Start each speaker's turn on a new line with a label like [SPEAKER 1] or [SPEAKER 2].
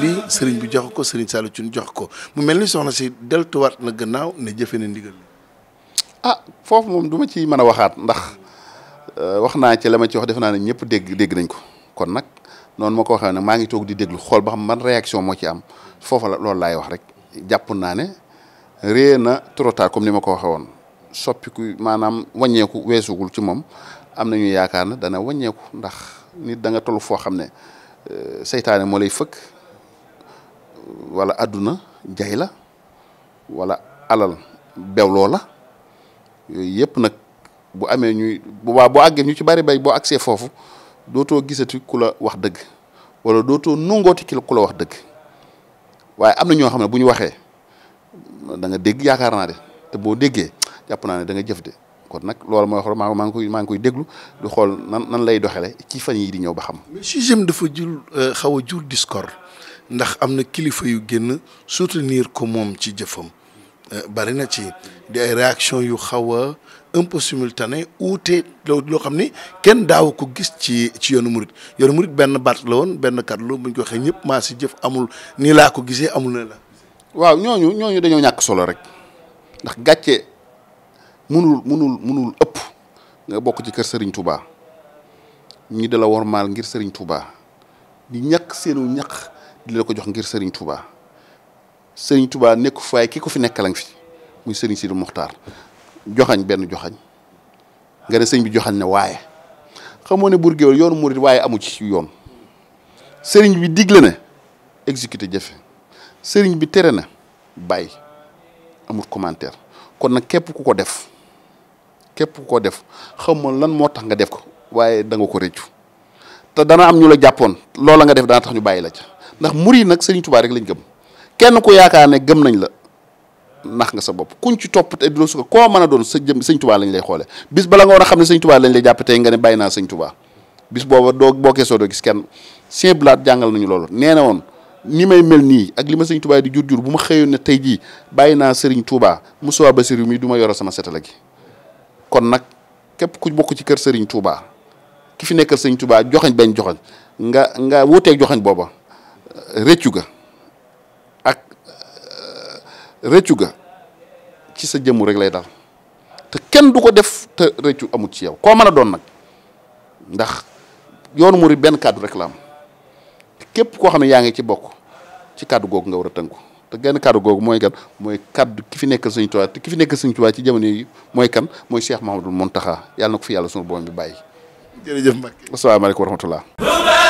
[SPEAKER 1] lii sëriñ bi jox ko sëriñ Saliou Thioune jox ko mu mel ni soxna si deltuwaat na gannaaw ne jëfe na ndigal ah foofu moom duma ma ci mën a waxaat ndax
[SPEAKER 2] euh, wax naa ci la ma ci wax defe naa ne ñëpp dégg dégg nañ ko kon nag noonu ma ko waxee nag maa ngi toog di déglu xool ba xam man réaction moo ci am foofa la loolu laay wax rek jàpp naa ne réer na trop comme ni ma ko waxee woon soppiku maanaam wàññeeku weesuwul ci moom am nañu yaakaar ne dana wàññeeku ndax nit danga nga toll foo xam ne euh, seytaane moo lay fëkk wala àdduna jay la wala alal bewloo la yooyu yëpp nag bu amee ñuy bu baa boo àggee ñu ci bari bay boo àgsee foofu dootoo gisati ku la wax dëgg wala dootoo nungooti ki ku la wax dëgg waaye am na ñoo xam ne bu ñu waxee danga dégg yaakaar naa de te boo déggee jàpp naa ne danga nga jëf de kon nag loolu mooy xool maa ngi koy maa ngi koy déglu du xool nan nan lay doxale ci fan yii di ñëw ba xam.
[SPEAKER 1] mais sujet dafa jur euh, xaw a jur discorde ndax am na kilifa yu génn soutenir ko moom ci jëfam euh, bari na ci di ay réaction yu xaw a un peu simultané uute loo xam ni kenn daaw ko gis ci ci yoonu murit yoonu murit benn baat la woon benn kàddu la bu ñu ko waxee ñëpp maa si jëf amul nii laa ko gisee amul na la. waaw ñooñu ñooñu dañoo ñàkk solo rek
[SPEAKER 2] ndax gàcce munul munul munul ëpp nga bokk ci kër Serigne Touba ñi dala wormaal ngir Serigne Touba di ñàkk seenu ñàkk di la ko jox ngir Serigne Touba Serigne tubaa nekk faay ki ko fi nekkal a ngi fi muy Serigne Sidi Mokhtar joxañ benn joxañ nga ne sëñ bi joxañ ne waaye xamoo ne Buur Géwél yoonu murit waaye amu ci yoon sëriñ bi digle na exécuté jafe sëriñ bi tere na bàyyi amul commentaire kon nag képp ku ko def. képp koo def xamul lan moo tax nga def ko waaye danga ko rëccu te dana am ñu la jàppoon loola nga def dana tax ñu bàyyi la ca ndax muri nag Sëriñ Tuubaa rek lañ gëm kenn ku yaakaar ne gëm nañ la nax nga sa bopp kuñ ci topp te du su ko mën doon sa jëm Sëriñ Tuubaa lañ lay xoole bis bala nga war a xam ne Sëriñ Tuubaa lañ lay jàpp tey nga ne bàyyi naa Sëriñ Tuubaa bis booba doo boo keesoo gis kenn Sëriñ Blaat jàngal nañu loolu nee na woon ni may mel nii ak li ma Sëriñ di jur jur bu ma xëyoon ne tey jii bàyyi naa Sëriñ Tuubaa Musaa Basiru mi du ma yoro sama setala gi kon nag képp ku bokk ci kër Serigne Touba ki fi nekkal Serigne Touba joxañ bañ joxañ nga nga wuuteeg joxañ booba rëccu ga ak euh, rëccu ga ci sa jëmmu rek lay dal te kenn du ko def te rëccu amut ci yow koo mën a doon nag ndax yoonu murid benn kàddu rek la am képp koo xam ne yaa ngi ci bokk ci kàddu googu nga war a tënku. te genn kàddu googu mooy gan mooy kàddu ki fi nekk Sëñ Tuubaa te ki fi nekkal Sëñ Tuubaa ci jamono yi mooy kan mooy Cheikh Mahamadul Muntaxa yàlla na ko fi yàlla sunu boom bi bàyyi.
[SPEAKER 1] jërëjëf Mbacke
[SPEAKER 2] asalaamaaleykum wa